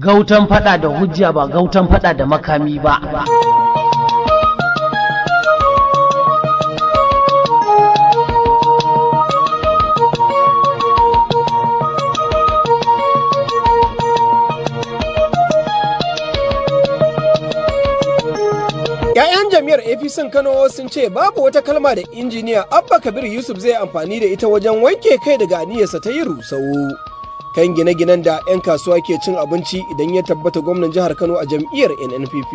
gautan fada da hujja ba gautan fada da makami ba ‘Ya'yan jami'ar APC Kano sun ce babu wata kalma da injiniya Abba Kabir Yusuf zai amfani da ita wajen wanke kai daga aniyarsa ta yi rusau. kan gine-ginen da 'yan kasuwa ke cin abinci idan ya tabbata gwamnan jihar Kano a jam'iyyar NNPP.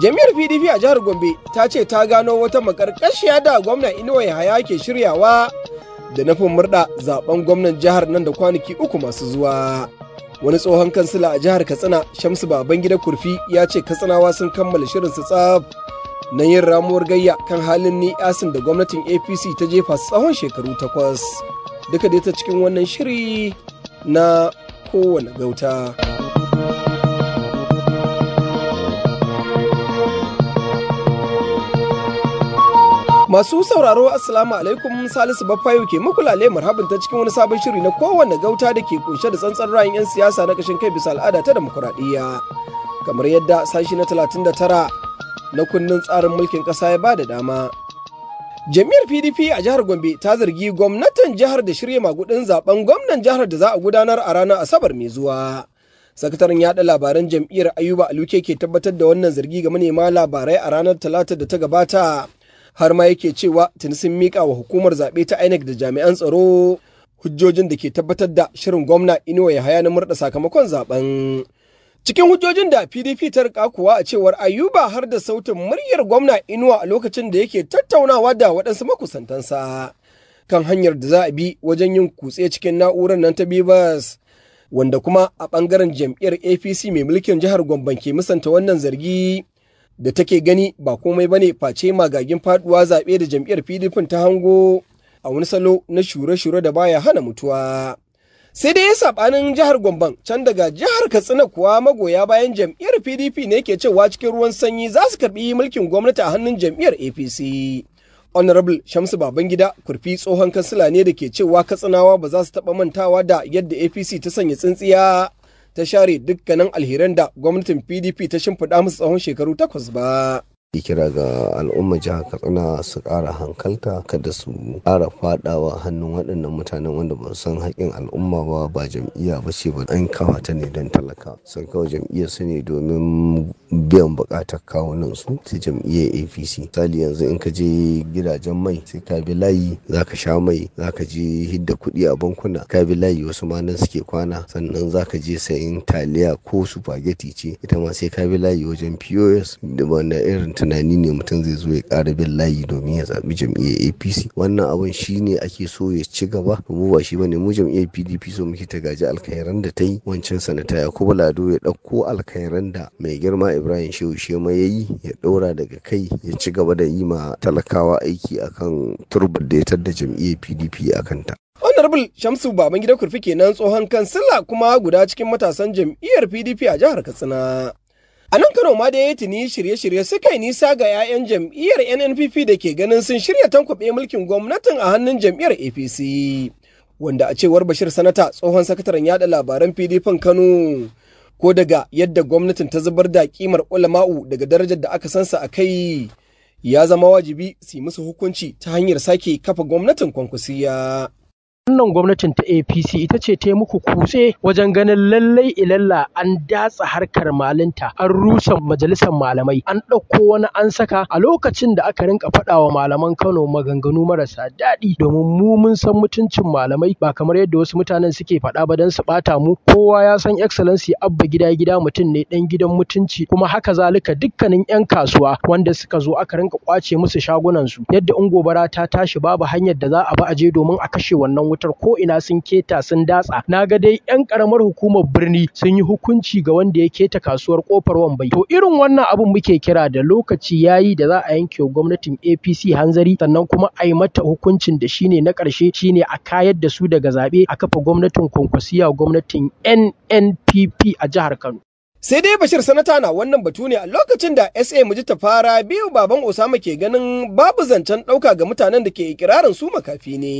Jam'iyyar PDP a jihar Gombe ta ce ta gano wata makarkashiya da gwamnan Inuwa Yahaya ke shiryawa da nufin murda zaben gwamnan jihar nan da kwanaki uku masu zuwa. Wani tsohon kansila a jihar Katsina Shamsu Babangida Kurfi ya ce Katsinawa sun kammala shirin su tsaf na yin ramuwar gayya kan halin ni da gwamnatin APC ta jefa tsawon shekaru takwas. duka dai ta cikin wannan shiri na kowane gauta. Masu sauraro Assalamu alaikum Salisu Baffayo ke makulale marhaban ta cikin wani sabon shiri na kowane gauta da ke kunshe da tsantsan ra'ayin 'yan siyasa na kashin kai bisa al'ada ta demokuraɗiyya. Kamar yadda sashi na 39 na kundin tsarin mulkin ƙasa ya ba da dama. Jami'ar PDP a jihar Gombe ta zargi gwamnatin jihar da shirya magudin zaben gwamnan jihar da za a gudanar a ranar Asabar mai zuwa. Sakataren yaɗa labaran jam'iyyar Ayuba Aluke ke tabbatar da wannan zargi ga manema labarai a ranar Talata da ta gabata. Har ma yake cewa tuni sun miƙa wa hukumar zaɓe ta INEC da jami'an tsaro hujjojin da ke tabbatar da shirin gwamna Inuwa ya haya na murɗa sakamakon zaben. Cikin hujjojin da PDP ta rika kuwa a cewar Ayuba har da sautin muryar gwamna Inuwa a lokacin da yake tattaunawa da waɗansu makusantansa kan hanyar da za a bi wajen yin kutse cikin na'urar nan ta bibas wanda kuma a ɓangaren jam'iyyar APC mai mulkin jihar Gombe ke musanta wannan zargi da take gani ba komai bane face magagin faduwa zaɓe da jam'iyyar PDP ta hango a wani salo na shure-shure da baya hana mutuwa. sai dai ya sabanin jihar gombon can daga jihar Katsina kuwa magoya bayan jam'iyyar PDP ne ke cewa cikin ruwan sanyi za su karbi mulkin gwamnati a hannun jam'iyyar APC. Honorable Shamsu Babangida kurfi tsohon kansila ne da ke cewa Katsinawa ba za su taɓa mantawa da yadda APC ta sanya tsintsiya ta share dukkanin alheran da gwamnatin PDP ta shimfiɗa musu tsawon shekaru takwas ba. kira ga al'ummar jihar katsina su kara hankalta kada su ƙara fadawa hannun waɗannan mutanen wanda ba san haƙƙin al'umma ba ba jam'iyya ba ce ba an kawo ne don talaka sun kawo jam'iyyar su ne domin biyan buƙatar kawunan su ta jam'iyyar apc misali yanzu in ka je gidajen mai sai ka bi layi ka sha mai za ka je hidda kuɗi a bankuna ka bi layi wasu ma nan suke kwana sannan za ka je sayin taliya ko supageti ce ita ma sai ka bi layi wajen pos da wanda irin tunani ne mutum zai zo ya kara bin layi domin ya zaɓi jam'iyyar apc wannan abin shi ne ake so ya ci gaba mu ba shi bane mu jam'iyyar pdp so muke ta gaji alkhairan da ta yi wancan sanata yakubu lado ya ɗauko alkhairan da mai girma ibrahim shehu ma ya yi ya ɗora daga kai ya ci gaba da yi ma talakawa aiki akan turbar da ya tadda jam'iyyar pdp a kanta honorable shamsu baban gida kurfi kenan tsohon kansila kuma guda cikin matasan jam'iyyar pdp a jihar katsina A nan Kano ma da ya tuni shirye-shirye suka yi nisa ga 'ya'yan jam'iyyar NNPP da ke ganin sun shirya tankwaɓe mulkin gwamnatin a hannun jam'iyyar APC. Wanda a cewar Bashir Sanata tsohon sakataren yaɗa labaran PDP Kano ko daga yadda gwamnatin ta zubar da kimar ulama'u daga darajar da aka san sansa a kai ya zama wajibi su yi musu hukunci ta hanyar sake kafa gwamnatin kwankwasiya. Wannan gwamnatin ta APC ita ce ta yi muku kutse wajen ganin lallai ilalla an datsa harkar malinta, an rusa majalisar malamai, an ɗauko wani an saka a lokacin da aka rinka faɗa wa malaman Kano maganganu marasa daɗi domin mu mun san mutuncin malamai ba kamar yadda wasu mutanen suke faɗa ba don su ɓata mu. Kowa ya san Excellency Abba Gida-Gida mutum ne ɗan gidan mutunci kuma haka zalika dukkanin ‘yan kasuwa wanda suka zo aka rinka ƙwace musu shagunansu. Yadda in gobara ta tashi babu hanyar da za a bi a je domin a kashe wannan wutar ko ina sun keta sun datsa na ga dai yan karamar hukumar birni sun yi hukunci ga wanda ya keta kasuwar kofar wambai to irin wannan abun muke kira da lokaci yayi da za a yanke gwamnatin APC hanzari sannan kuma a yi mata hukuncin da shine na karshe shine a kayar da su daga zaɓe a kafa gwamnatin kwankwasiya gwamnatin NNPP a jihar Kano Sai dai Bashir Sanata na wannan batu ne a lokacin da SA Muji ta fara biyu baban Osama ke ganin babu zancen ɗauka ga mutanen da ke ikirarin su makafi ne.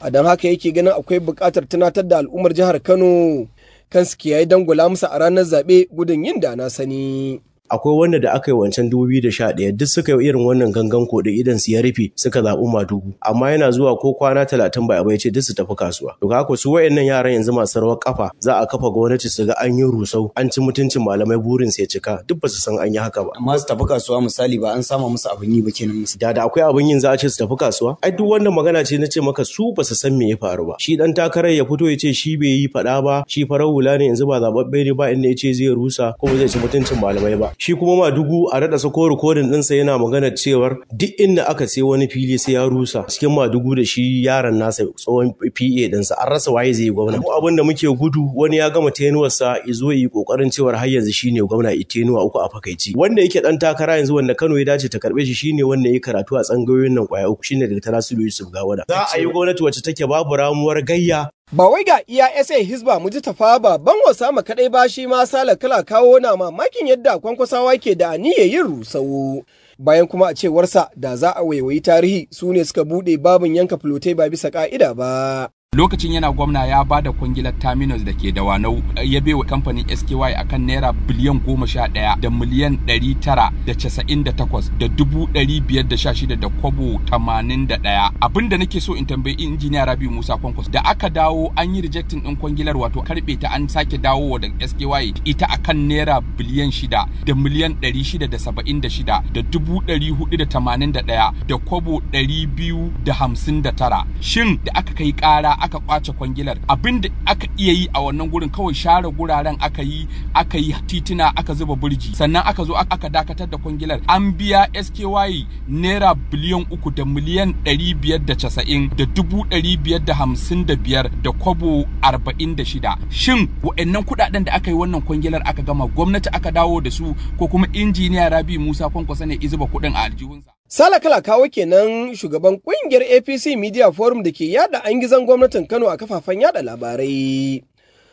a don haka yake ganin akwai bukatar tunatar da al'ummar jihar kano kan su kiyaye dangula musu a ranar zaɓe gudun yin da na sani akwai wanda da aka yi wancan 2011 duk suka yi irin wannan gangan koɗi idan su ya rufe suka zaɓi madugu amma yana zuwa ko kwana talatin ba bai ce duk su tafi kasuwa to haka su wayannan yaran yanzu masu rawar kafa za a kafa gwamnati su ga an yi rusau an ci mutuncin malamai burin sai ya cika duk ba su san an yi haka ba amma su tafi kasuwa misali ba an sama musu abin yi ba kenan musu da da akwai abin yin za a ce su tafi kasuwa ai duk wannan magana ce na ce maka su ba su san me ya faru ba shi dan takarar ya fito ya ce shi bai yi faɗa ba shi farar hula ne yanzu ba zababbe ne ba inda ya ce zai rusa ko zai ci mutuncin malamai ba shi kuma ma dugu a raɗa sako rikodin ɗinsa yana magana cewar duk inda aka sai wani fili sai ya rusa cikin ma dugu da shi yaron nasa tsohon PA ɗinsa an rasa waye zai yi gwamna ko abin da muke gudu wani ya gama tenuwarsa zo yi kokarin cewar har yanzu shine gwamna tenuwa uku a fakaici wanda yake ɗan takara yanzu wanda Kano ya dace ta karbe shi shine wanda ya karatu a tsangayoyin nan kwaya uku shine daga Tarasilu Yusuf Gawada za a yi gwamnati wacce take babu ramuwar gayya Ba wai ga iya SA Hisba tafa ba ban wasa ma kaɗai ba shi ma Sala kala kawo na mamakin yadda kwankwasawa ke da aniyar yin rusawo. Bayan kuma a cewarsa da za a waiwayi tarihi su ne suka buɗe babin yanka filotai ba bisa ƙa'ida ba. lokacin yana gwamna ya ba da kwangilar terminus da ke da wanau ya bai wa kamfanin sky akan naira biliyan goma sha ɗaya da miliyan ɗari tara da casa'in da takwas da dubu ɗari biyar da sha shida da kwabo tamanin da ɗaya abin da nake so in tambayi injiniya rabi musa kwankwas da aka dawo an yi rejectin ɗin kwangilar wato karɓe ta an sake dawo daga sky ita akan naira biliyan shida da miliyan ɗari shida da saba'in da shida da dubu ɗari hudu da tamanin da ɗaya da kwabo ɗari biyu da hamsin da tara shin da aka kai ƙara aka kwace kwangilar abin da aka iya yi a wannan gurin kawai share guraren aka yi aka yi titina aka zuba burji sannan aka zo aka dakatar da kwangilar an biya SKY naira biliyan uku da miliyan ɗari biyar da casa'in da dubu ɗari biyar da hamsin da biyar da kwabo arba'in da shida shin wa'annan kuɗaɗen da aka yi wannan kwangilar aka gama gwamnati aka dawo da su ko kuma injiniya Rabi Musa kwankwasa ne izuba kuɗin a aljihunsa Sala kawo kenan shugaban kungiyar APC Media Forum da ke yada angizan gwamnatin Kano a kafafen yada labarai.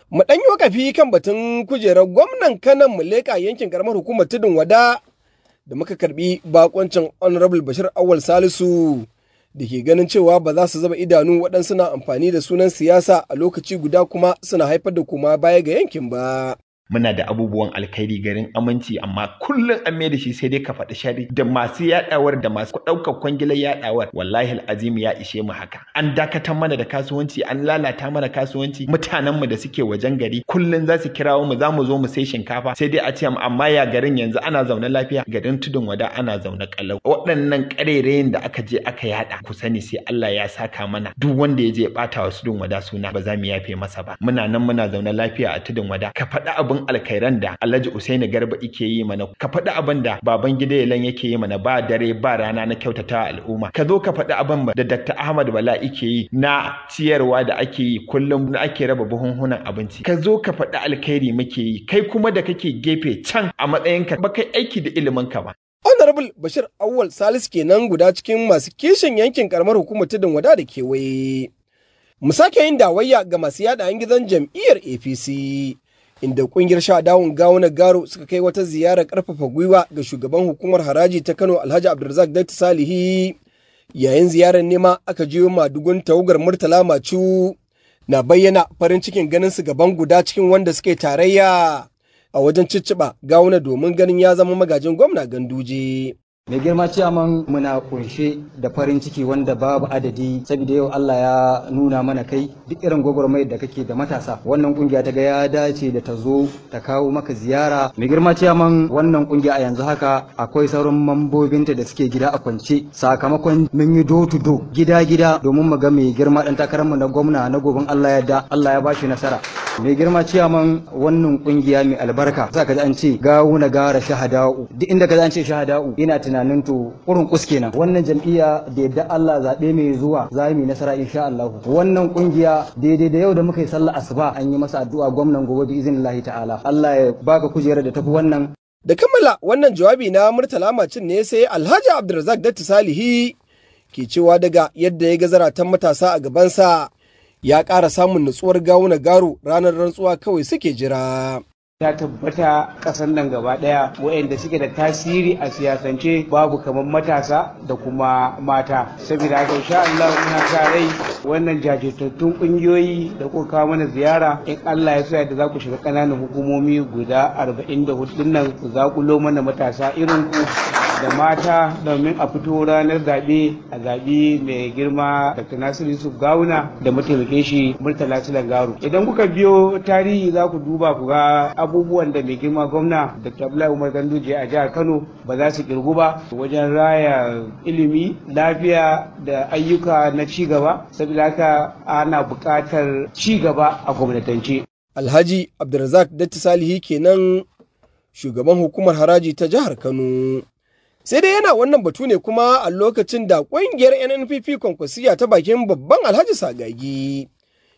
Mu ɗan yi wakafi kan batun kujerar gwamnan Kano mu leka yankin karamar hukumar tudun wada da muka karbi bakoncin Honorable Bashir Awal Salisu da ke ganin cewa ba za su zama idanu waɗansu na amfani da sunan siyasa a lokaci guda kuma suna haifar da kuma baya ga yankin ba. muna da abubuwan alkhairi garin aminci amma kullum an mai da shi sai dai ka faɗi shari da masu yaɗawar da masu ɗaukar kwangilar yaɗawar wallahi al'azim ya ishe mu haka an dakatar mana da kasuwanci an lalata mana kasuwanci mutanenmu da suke wajen gari kullum za su kirawo mu za mu zo mu sai shinkafa sai dai a ce amma ya garin yanzu ana zaune lafiya garin tudun wada ana zaune kalau waɗannan ƙarerayin da aka je aka yaɗa ku sani sai Allah ya saka mana duk wanda ya je ya ɓata wa tudun wada suna ba za mu yafe masa ba muna nan muna zaune lafiya a tudun wada ka faɗi abin abin alkhairan da Alhaji Usaini Garba yake yi mana ka faɗi abin da baban gida yalan yake yi mana ba dare ba rana na kyautata al'umma ka zo ka faɗi abin da Dr. Ahmad Bala yake yi na ciyarwa da ake yi kullum na ake raba buhunhunan abinci ka zo ka faɗi alkhairi muke yi kai kuma da kake gefe can a matsayinka ba kai aiki da ilimin ka ba Honorable Bashir Awwal Salis kenan guda cikin masu kishin yankin karamar hukumar tudun wada da kewaye. Mu sake yin dawayya ga masu yada gidan jam'iyyar APC. inda kungiyar sha dawun gawuna garo suka kai wata ziyara karfafa gwiwa ga shugaban hukumar haraji ta kano alhaji abdulrazak dakta salihi yayin ziyarar nema aka jiyo madugun tawagar murtala macu na bayyana farin cikin ganin su gaban guda cikin wanda suke tarayya a wajen cicciɓa gawuna domin ganin ya zama magajin gwamna ganduje mai girma cewa man muna kunshe da farin ciki wanda babu adadi saboda yau Allah ya nuna mana kai duk irin gwagwarmai da kake da matasa wannan kungiya ta ga ya dace da ta zo ta kawo maka ziyara mai girma cewa man wannan kungiya a yanzu haka akwai sauran mambobinta da suke gida a kwance sakamakon mun yi do to do gida gida domin mu ga mai girma dan takararmu na gwamna na gobin Allah ya da Allah ya bashi nasara mai girma cewa man wannan kungiya mai albarka za ka ji an ce gawo na gara shahada'u duk inda ka ji an shahada'u ina tunani tunanin to kurin kuske nan wannan jam'iyya da yadda Allah zaɓe mai zuwa za mu nasara insha Allah wannan kungiya daidai da yau da muka yi sallar asuba an yi masa addu'a gwamnan gobe bi Allah ta'ala Allah ya baka kujerar da tafi wannan da kammala wannan jawabi na Murtala Macin ne sai Alhaji Abdulrazak Datti Salihi ke cewa daga yadda ya ga zaratan matasa a gabansa ya ƙara samun nutsuwar gawuna garo ranar rantsuwa kawai suke jira. ta tabbata kasan nan gaba daya waɗanda suke da tasiri a siyasance babu kamar matasa da kuma mata saboda haka insha Allah muna sa rai wannan jajirtattun kungiyoyi da kuka kawo mana ziyara in Allah ya sa da za ku shiga ƙananan hukumomi guda 44 nan ku zakulo mana matasa irin ku da mata domin a fito ranar zabe a zabi mai girma dr nasiru yusuf gawuna da mataimakin shi murtala silan idan kuka biyo tarihi za ku duba ku ga abubuwan da mai girma gwamna da Abdullahi Umar Ganduje a jihar Kano ba za su kirgu ba wajen raya ilimi, lafiya da ayyuka na cigaba saboda haka ana buƙatar cigaba a gwamnatance. Alhaji Abdulrazak Datti Salihi kenan shugaban hukumar haraji ta jihar Kano. Sai dai yana wannan batu ne kuma a lokacin da ƙungiyar NNPP kwankwasiya ta bakin babban Alhaji Sagagi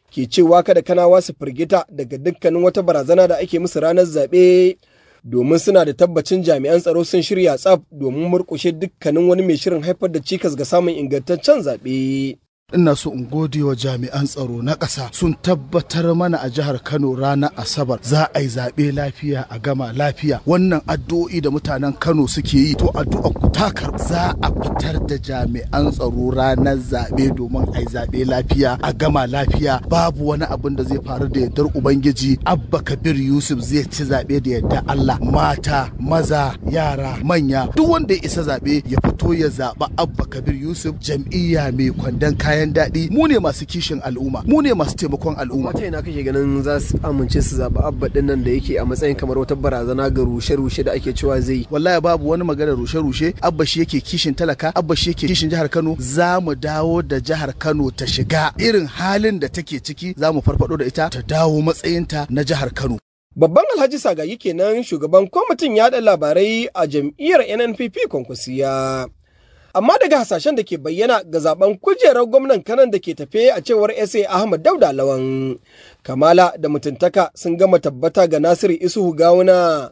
ke cewa kada kanawa su firgita daga dukkanin wata barazana da ake musu ranar zaɓe domin suna da tabbacin jami'an tsaro sun shirya tsaf domin murƙushe dukkanin wani mai shirin haifar da cikas ga samun ingantaccen zaɓe. ina so in gode wa jami'an tsaro na ƙasa sun tabbatar mana a jihar kano ranar asabar za a yi zaɓe lafiya a gama lafiya wannan addu'o'i da mutanen kano suke yi to addu'a ku takar za a fitar da jami'an tsaro ranar zaɓe domin a yi zaɓe lafiya a gama lafiya babu wani abin da zai faru da yardar ubangiji abba kabir yusuf zai ci zaɓe da yadda allah mata maza yara manya duk wanda ya isa zaɓe ya fito ya zaɓa abba kabir yusuf jam'iyya mai kwandon kayan kayan daɗi mu ne masu kishin al'umma mu ne masu taimakon al'umma wata ina kake ganin za su amince su zaɓi abba din nan da yake a matsayin kamar wata barazana ga rushe-rushe da ake cewa zai wallahi babu wani magana rushe-rushe abba shi yake kishin talaka abba shi yake kishin jihar Kano za mu dawo da jihar Kano ta shiga irin halin da take ciki za mu farfado da ita ta dawo matsayinta na jihar Kano Babban Alhaji Sagayi kenan shugaban kwamitin yaɗa labarai a jam'iyyar NNPP Kwankwasiya. amma daga hasashen da ke bayyana ga zaben kujerar gwamnan kanan da ke tafe a cewar sa ahmad dauda lawan kamala da mutuntaka sun gama tabbata ga nasiru isuhu gawuna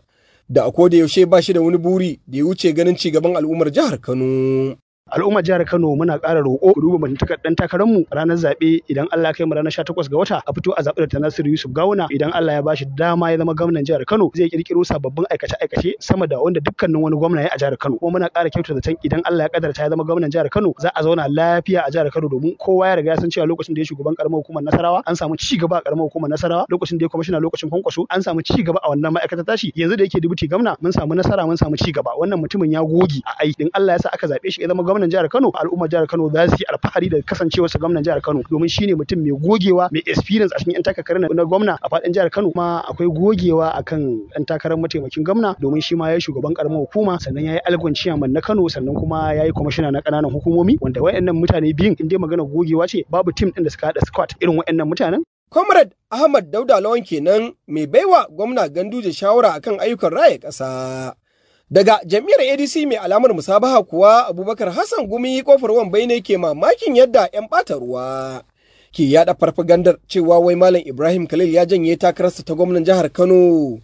da a da yaushe ba shi da wani buri da ya wuce ganin cigaban al'ummar jihar kano al'ummar jihar Kano muna ƙara roƙo ku duba mutuntakar dan takarar mu ranar zabe idan Allah ya kai mu ranar 18 ga wata a fito a zabi da Nasiru Yusuf Gawuna idan Allah ya bashi dama ya zama gwamnan jihar Kano zai kirkiro sababbin aikace-aikace sama da wanda dukkanin wani gwamna ya a jihar Kano kuma muna ƙara kyautata can idan Allah ya kadarta ya zama gwamnan jihar Kano za a zauna lafiya a jihar Kano domin kowa ya riga ya san cewa lokacin da ya shugaban karamar hukumar Nasarawa an samu ci gaba a karamar hukumar Nasarawa lokacin da ya kwamishina lokacin kwankwaso an samu ci gaba a wannan ma'aikata tashi yanzu da yake dubuti gwamna mun samu nasara mun samu ci gaba wannan mutumin ya goge a aiki in Allah ya sa aka zabe shi ya zama gwamnan jihar Kano al'umma jihar Kano za su yi alfahari da kasancewar sa gwamnan jihar Kano domin shine mutum mai gogewa mai experience a cikin 'yan takarar na gwamna a fadin jihar Kano kuma akwai gogewa akan 'yan takarar mataimakin gwamna domin shi ma ya shugaban karamar hukuma sannan ya yi algon ciyaman na Kano sannan kuma ya yi kwamishina na ƙananan hukumomi wanda wayannan mutane biyun in dai magana gogewa ce babu tim din da suka hada squad irin wayannan mutanen Comrade Ahmad Dauda Lawan kenan mai baiwa gwamna Ganduje shawara akan ayyukan raya ƙasa. Daga jam'iyyar ADC mai alamar musabaha kuwa Abubakar Hassan Gumi kofar wambai ne ke mamakin yadda 'yan ɓata ruwa. Ke yaɗa farfagandar cewa wai Malam Ibrahim Khalil ya janye takararsa ta gwamnan jihar Kano.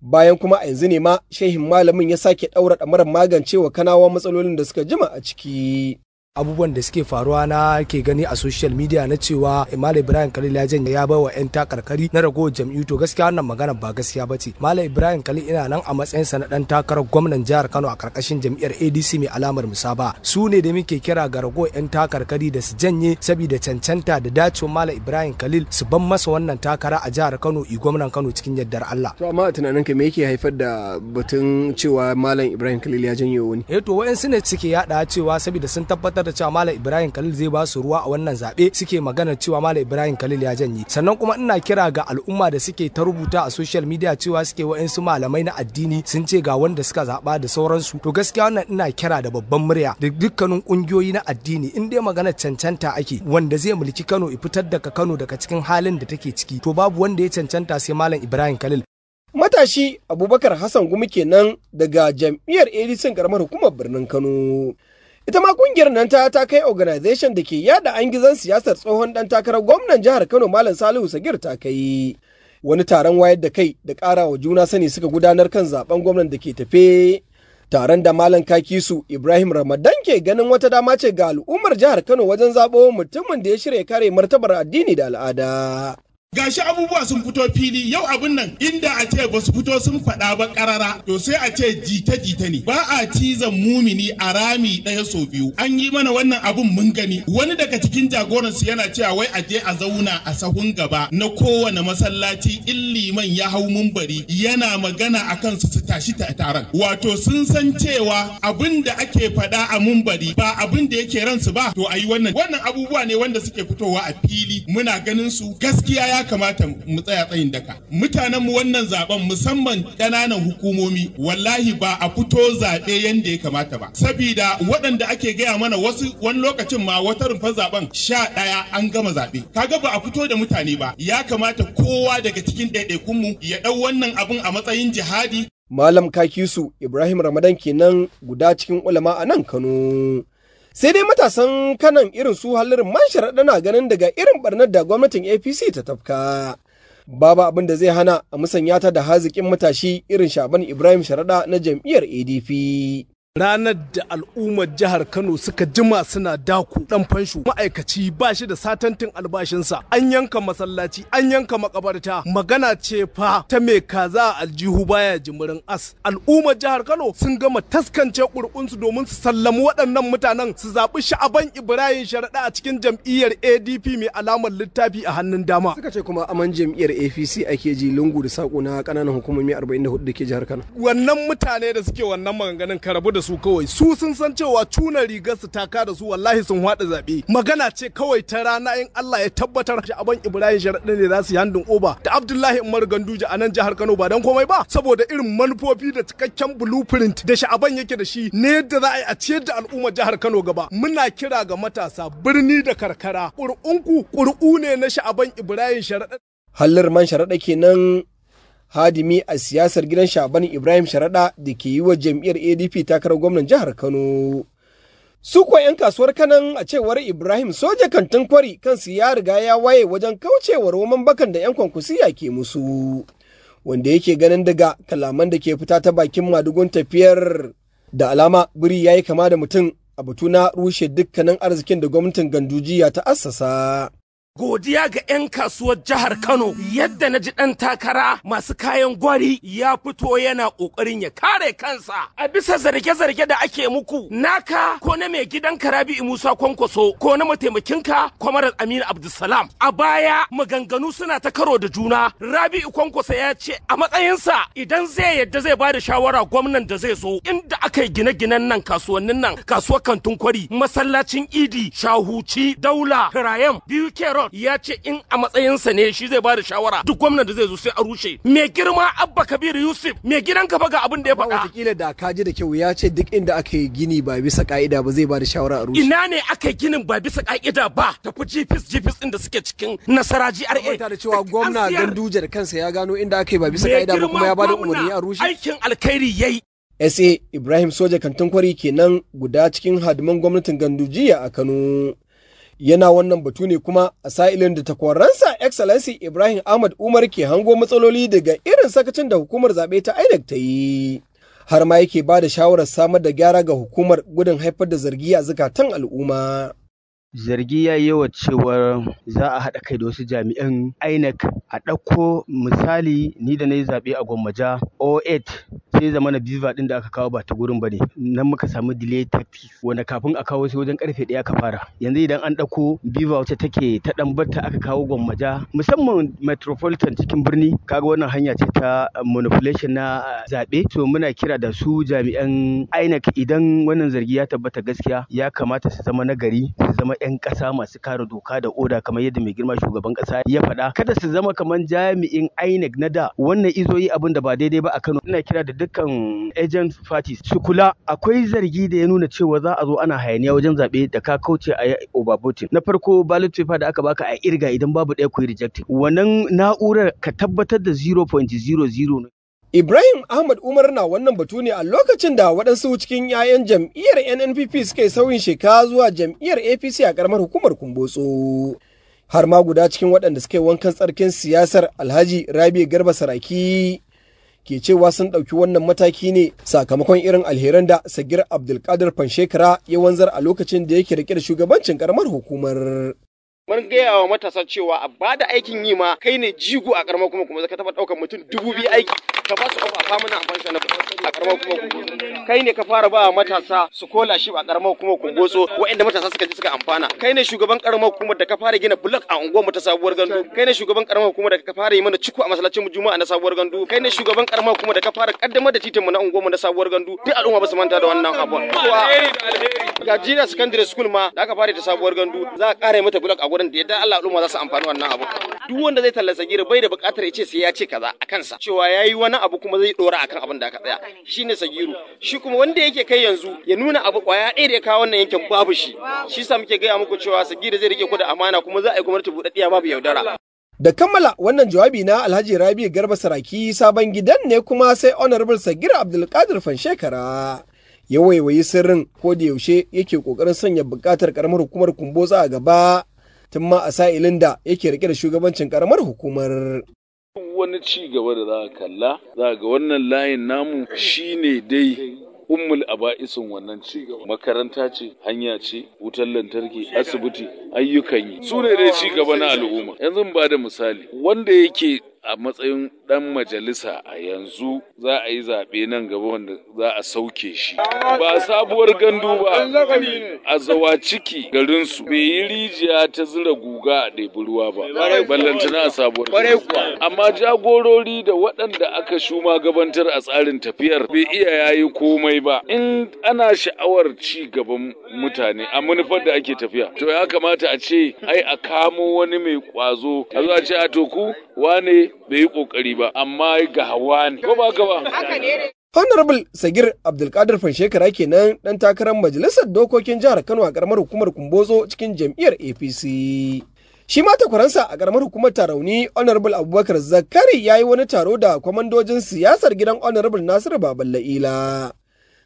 Bayan kuma a yanzu ne ma shehin malamin ya sake ɗaura ɗamarar magancewa kanawa matsalolin da suka jima a ciki. abubuwan da suke faruwa na ke gani a social media na cewa Malam Ibrahim Khalil ya janye ya wa yan takarkari na ragowar jam'iyyu to gaskiya wannan magana ba gaskiya ba ce Malam Ibrahim Khalil ina nan a matsayin sa na dan takarar gwamnan jihar Kano a karkashin jam'iyyar ADC mai alamar musaba su ne da muke kira ga ragowar yan takarkari da su janye saboda cancanta da dacewar Malam Ibrahim Khalil su ban masa wannan takara a jihar Kano i gwamnan Kano cikin yardar Allah to amma a tunanin ka me yake haifar da batun cewa Malam Ibrahim Khalil ya janye wani eh to wayansu ne suke yada cewa saboda sun tabbatar da cewa Malam Ibrahim Khalil zai ba su ruwa a wannan zaɓe suke magana cewa Malam Ibrahim Khalil ya janye. Sannan kuma ina kira ga al'umma da suke ta rubuta a social media cewa suke wa'insu malamai na addini sun ce ga wanda suka zaɓa da sauransu. To gaskiya wannan ina kira da babban murya da dukkanin kungiyoyi na addini in dai magana cancanta ake wanda zai mulki Kano fitar daga Kano daga cikin halin da take ciki. To babu wanda ya cancanta sai Malam Ibrahim Khalil. Matashi Abubakar Hassan Gumi kenan daga jam'iyyar ADC karamar hukumar birnin Kano. ita ma kungiyar nan ta ta kai organization da ke yada an gizan siyasar tsohon dan takarar gwamnan jihar kano malam salihu sagir ta kai wani taron wayar da kai da ƙara wa juna sani suka gudanar kan zaben gwamnan da ke tafe taron da malam kakisu ibrahim ramadan ke ganin wata dama ce ga al'ummar jihar kano wajen zaɓo mutumin da ya shirya kare martabar addini da al'ada gashi abubuwa sun fito fili yau abun nan inda a ce ba su fito sun faɗa ba ƙarara to sai a ce jita jita ne ba a cizan mumini a rami ɗaya sau biyu an yi mana wannan abun mun gani wani daga cikin jagoransu yana cewa wai a je a zauna a sahun gaba na kowane masallaci in liman ya hau mumbari yana magana a kansu su tashi taron wato sun san cewa abin da ake faɗa a mumbari ba abin da yake ransu ba to a yi wannan wannan abubuwa ne wanda suke fitowa a fili muna ganin su gaskiya ya ya kamata mu tsaya tsayin daka mutanen mu wannan zaben musamman ƙananan hukumomi wallahi ba a fito zaɓe yanda ya kamata ba saboda waɗanda ake gaya mana wasu wani lokacin ma wata rumfar zaben sha ɗaya an gama zaɓe kaga ba a fito da mutane ba ya kamata kowa daga cikin ɗaiɗaikunmu ya ɗau wannan abin a matsayin jihadi Malam Kakisu Ibrahim Ramadan kenan guda cikin ulama a nan Kano. sai dai matasan kanan irin su hallirin man sharaɗa na ganin daga irin barnar da gwamnatin apc ta tafka babu abin da zai hana a musanya ta da haziƙin matashi irin shaban ibrahim sharaɗa na jam'iyyar adp ranar da al'ummar jihar kano suka jima suna daku dan fansho ma'aikaci ba shi da satantin albashinsa an yanka masallaci an yanka makabarta magana ce fa ta mai kaza aljihu baya jimirin as al'ummar jihar kano sun gama taskance kurkunsu domin su sallami waɗannan mutanen su zaɓi sha'aban ibrahim sharaɗa a cikin jam'iyyar adp mai alamar littafi a hannun dama suka ce kuma aman jam'iyyar apc ake ji lungu da saƙo na ƙananan hukumomi 44 da ke jihar kano wannan mutane da suke wannan maganganun karabu da su kawai su sun san cewa cuna rigar su taka da su wallahi sun hada zabe magana ce kawai ta rana in Allah ya tabbatar aban Ibrahim Sharaɗi ne za su yi handin oba da Abdullahi Umar Ganduje a nan jihar Kano ba dan komai ba saboda irin manufofi da cikakken blueprint da sha'aban yake da shi ne yadda za a yi a ciyar da al'ummar jihar Kano gaba muna kira ga matasa birni da karkara ƙuri'unku ƙuri'u ne na sha'aban Ibrahim Sharaɗi hallar man sharaɗa kenan hadimi a siyasar gidan shaban ibrahim sharaɗa da ke yi wa jam'iyyar adp takarar gwamnan jihar kano su kuwa 'yan kasuwar kanan a cewar ibrahim soja kantin kwari kansu ya riga ya waye wajen kaucewa roman bakan da 'yan kwankwasiya ke musu wanda yake ganin daga kalaman da ke fita ta bakin madugun tafiyar da alama biri ya yi kama da mutum a batu na rushe dukkanin arzikin da gwamnatin gandujiya ta assasa godiya ga 'yan kasuwar jihar Kano yadda na ji ɗan takara masu kayan gwari ya fito yana ƙoƙarin ya kare kansa a bisa zarge-zarge da ake muku naka ko na mai gidan Rabi'u Musa Kwankwaso ko na ka Kwamarar Aminu Abdulsalam a baya maganganu suna ta karo da juna Rabi'u Kwankwaso ya ce a matsayinsa idan zai yadda zai ba da shawara gwamnan da zai zo inda aka yi gine-ginen nan kasuwannin nan kasuwar Kantun kwari masallacin idi shahuci daula firayam biyu ya ce in a matsayinsa ne shi zai bada shawara duk gwamnati zai zo sai a rushe. Me girma Abba Kabir Yusuf me gidan ka ga abin da ya faɗa. Wataƙila da ka ji da kyau ya ce duk inda aka yi gini ba bisa ka'ida ba zai bada shawara a rushe. Ina ne aka ginin ba bisa ka'ida ba tafi jifis jifis ɗin da suke cikin nasara GRA. a da cewa gwamna Ganduje da kansa ya gano inda aka yi ba bisa ka'ida ba kuma ya bada umarni a rushe. Aikin alkhairi yayi. SA Ibrahim Soja Kantankwari kenan guda cikin hadiman gwamnatin Gandujiya a Kano. yana wannan batu ne kuma a sa'ilin da takwaransa excellency ibrahim ahmad umar ke hango matsaloli daga irin sakacin da hukumar zaɓe ta inec ta yi har ma yake ba da shawarar samar da gyara ga hukumar gudun haifar da zargi a zukatan al'umma zargi ya yi wa cewar za a haɗa kai da wasu jami'an INEC a ɗauko misali ni da na yi zaɓe a gwammaja 08 sai zama zamana visa ɗin da aka kawo ba ta gurin ba ne nan muka samu delay tafi wanda kafin a kawo sai wajen karfe ɗaya ka fara yanzu idan an ɗauko visa wacce take ta ɗan batta aka kawo gwammaja musamman metropolitan cikin birni kaga wannan hanya ce ta uh, manipulation na uh, zaɓe to muna kira da su jami'an INEC idan wannan zargi ya tabbata gaskiya ya kamata su zama nagari su zama 'yan ƙasa masu kare doka da oda kamar yadda mai girma shugaban ƙasa ya faɗa kada su zama kamar jami'in INEC na da wannan izo yi abin da ba daidai ba a Kano ina kira da dukkan agent parties su kula akwai zargi da ya nuna cewa za a zo ana hayaniya wajen zaɓe da ka kauce a overvoting na farko ballot paper da aka baka a irga idan babu ɗaya ku reject wannan na'urar ka tabbatar da 0.00 Ibrahim Ahmad Umar na wannan batu ne a lokacin da waɗansu cikin 'ya'yan jam'iyyar NNPP suka yi sauyin sheka zuwa jam'iyyar APC a ƙaramar hukumar Kumbotso. Har ma guda cikin waɗanda suka yi wankan tsarkin siyasar Alhaji Rabi Garba Saraki ke cewa sun ɗauki wannan mataki ne sakamakon irin alheran da sagir abdulkadir fanshekara ya wanzar a lokacin da yake rike da shugabancin karamar hukumar mun gaya wa matasa cewa a bada aikin yi ma kai ne jigo a karamar kuma kuma ka taba daukar mutum dubu biyu aiki ka ba su ofa na amfani sana a karamar kuma kuma kai ne ka fara ba matasa su kola shi a karamar kuma kuma goso waɗanda matasa suka ji suka amfana kai ne shugaban karamar kuma da ka fara gina block a unguwar mu ta sabuwar gandu kai ne shugaban karamar kuma da ka fara yi mana ciko a masallacin mu juma'a na sabuwar gandu kai ne shugaban karamar kuma da ka fara kaddamar da titin mu na unguwar mu na sabuwar gandu duk al'umma ba su manta da wannan abun alheri da alheri jira Secondary School ma da aka fara ta sabuwar gandu za a kare mata block a gurin da yadda Allah al'umma za su amfani wannan abu. Duk wanda zai tallasa gira bai da bukatar ya ce sai ya ce kaza a kansa cewa yayi wani abu kuma zai dora akan abin da aka tsaya shine sagiru shi kuma wanda yake kai yanzu ya nuna abu kwaya ɗaya da ya kawo wannan yankin babu shi shi sa muke gaya muku cewa sagiru zai rike ku da amana kuma za a yi gwamnati buɗaɗɗiya babu yaudara Da kammala wannan jawabi na Alhaji Rabi Garba Saraki sabon gidan ne kuma sai Honorable Sagir Abdulkadir Fanshekara ya waiwayi sirrin ko da yaushe yake kokarin sanya bukatar karamar hukumar kumbotsa a gaba tun ma a sa'ilin da yake rike da shugabancin karamar hukumar wani ci gaba da za a kalla za ga wannan layin namu shine dai ummul aba'isin wannan ci gaba makaranta ce hanya ce wutar lantarki asibiti ayyukan yi su ne dai ci gaba na al'umma yanzu ba da misali wanda yake a matsayin ɗan majalisa a yanzu za a yi zaɓe nan gaba wanda za a sauke shi. Ba sabuwar gandu ba a zawa ciki garinsu bai yi rijiya ta zira guga a ɗebi ba. Ballantana a sabuwar Amma jagorori da waɗanda aka shuma gabantar a tsarin tafiyar bai iya yayi komai ba. In ana sha'awar ci gaban mutane a manufar da ake tafiya. To ya kamata a ce ai a kamo wani mai kwazo a zuwa ce a toku wane bai yi ƙoƙari ba amma ga hawa ne ko ba ba Honorable Sagir Abdulkadir Fanshekara kenan dan takarar Majalisar Dokokin Jihar Kano a karamar hukumar Kumbozo cikin jam'iyyar APC. Shi ma takwaransa a karamar hukumar tarauni Honorable Abubakar Zakari ya yi wani taro da kwamandojin siyasar gidan Honorable Nasiru Baballa'ila.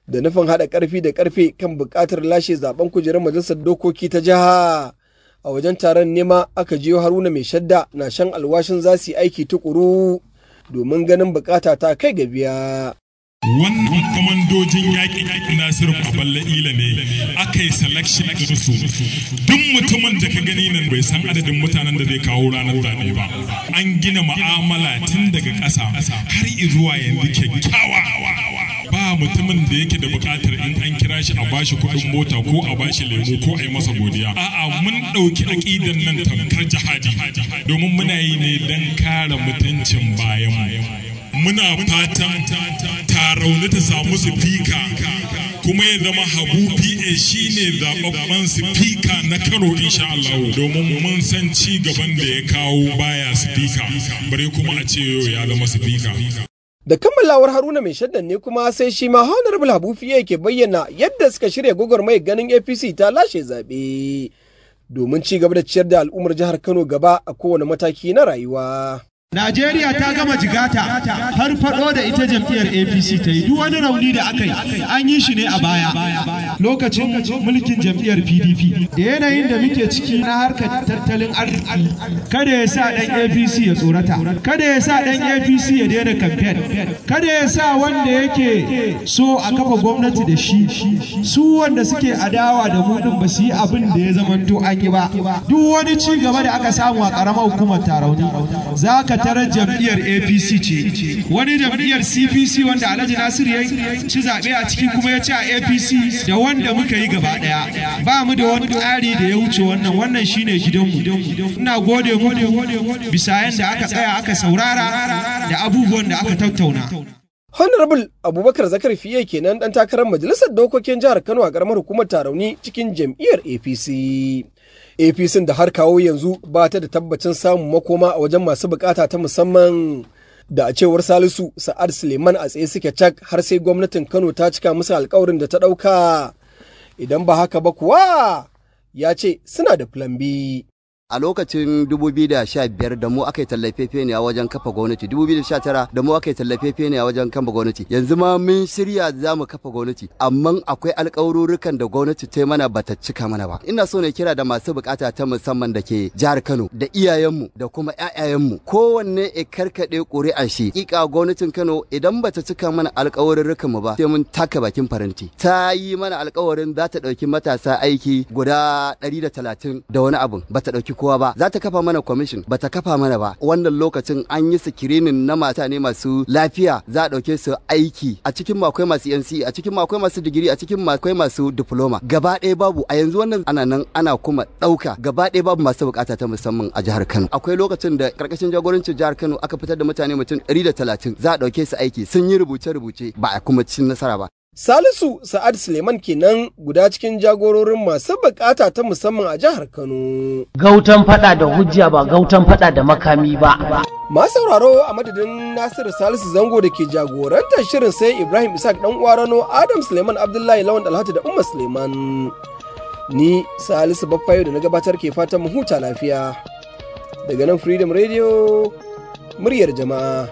Da nufin haɗa ƙarfi da ƙarfe kan buƙatar lashe zaben kujerar majalisar dokoki ta jiha. A wajen taron nema aka jiyo Haruna mai shadda na shan alwashin za su yi aiki tukuru domin ganin bukata ta kai ga biya. wannan kwamandojin yaƙi nasiru balle ila ne aka yi selection a su duk mutumin da ka gani nan bai san adadin mutanen da zai kawo ranar zaɓe ba an gina ma'amala tun daga ƙasa har zuwa yanzu kyakkyawa ba mutumin da yake da bukatar in an kira shi a bashi kuɗin mota ko a bashi lemo ko a yi masa godiya a'a mun ɗauki aƙidan nan tamkar jihadi domin muna yi ne don kare mutuncin bayan muna fatan ta ta samu sifika kuma ya zama habu pa shine zababban sifika na karo insha Allah domin mun san ci gaban da ya kawo baya sifika bare kuma a ce ya zama sifika Da kammalawar Haruna mai shaddan ne kuma sai shi ma Honorable Habu Fiye ke bayyana yadda suka shirya mai ganin APC ta lashe zaɓe domin ci gaba da ciyar da al'ummar jihar Kano gaba a kowane mataki na rayuwa. Najeriya ta gama jigata har faɗo da ita jam'iyyar APC ta yi duk wani rauni da aka yi an yi shi ne a baya lokacin mulkin jam'iyyar PDP da yanayin da muke ciki na harkar tattalin arziki kada ya sa ɗan APC ya tsorata kada ya sa ɗan APC ya daina kamfen kada ya sa wanda yake so a kafa gwamnati da shi su wanda suke adawa da mu din ba su yi abin da ya zamanto an yi ba duk wani ci gaba da aka samu a ƙaramar hukumar tarauni za ka matattarar jam'iyyar apc ce wani jam'iyyar cpc wanda alhaji nasir ya ci zaɓe a ciki kuma ya ci a apc da wanda muka yi gaba ɗaya ba mu da wani tsari da ya wuce wannan wannan shine gidanmu ina gode mu bisa yadda aka tsaya aka saurara da abubuwan da aka tattauna Honorable Abubakar Zakar Fiye kenan dan takarar Majalisar Dokokin Jihar Kano a karamar hukumar Tarauni cikin jam'iyyar APC. apc da har kawo yanzu ba ta da tabbacin samun makoma a wajen masu bukata ta musamman da a cewar salisu sa'ad suleiman a tsaye suke cak har sai gwamnatin kano ta cika musu alkawarin da ta ɗauka idan ba haka ba kuwa ya ce suna da plan b a lokacin 2015 da mu aka yi tallafefe ne a wajen kafa gwamnati 2019 da mu aka yi tallafefe ne a wajen kafa gwamnati yanzu ma mun shirya za mu kafa gwamnati amma akwai alƙawarurrukan da gwamnati ta mana ba ta cika mana ba ina so ne kira da masu bukata ta musamman da ke jihar Kano da iyayenmu da kuma ƴaƴayenmu kowanne e karkade ƙuri'a shi kika gwamnatin Kano idan ba ta cika mana alƙawarurrukan mu ba sai mun taka bakin faranti ta yi mana alƙawarin za ta ɗauki matasa aiki guda 130 da wani ba ta ɗauki kowa ba za ta kafa mana kwamishin ba ta kafa mana ba wannan lokacin an yi screening na mata ne masu lafiya za a ɗauke su aiki a cikin makwai masu NC e, a cikin makwai masu digiri a cikin makwai masu diploma gaba ɗaya babu a yanzu wannan ana nan ana kuma ɗauka gaba ɗaya babu masu bukata ta musamman a jihar Kano akwai lokacin da karkashin jagorancin jihar Kano aka fitar da mutane mutum 130 za a ɗauke su aiki sun yi rubuce-rubuce ba a kuma cin nasara ba Salisu Sa'ad Suleiman kenan guda cikin jagororin masu bukata ta musamman a jihar Kano. Gautan fada da hujja ba gautan fada da makami ba. Masu sauraro a madadin Nasiru Salisu Zango da ke jagorantar shirin sai Ibrahim Isak, dan uwa Rano Adam Suleiman Abdullahi Lawan Dalhatu da Umar Suleiman. Ni Salisu Baffayo da na gabatar ke fatan mu huta lafiya. Daga nan Freedom Radio muryar jama'a.